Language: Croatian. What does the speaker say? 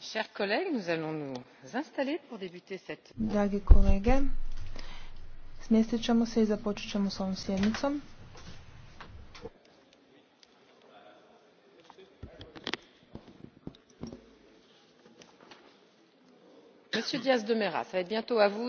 chers collègues nous allons nous installer pour débuter cette dragi kolege smjestit ćemo se i započet ćemo s ovom sjednicom monsieur diaz de ça va bientôt à vous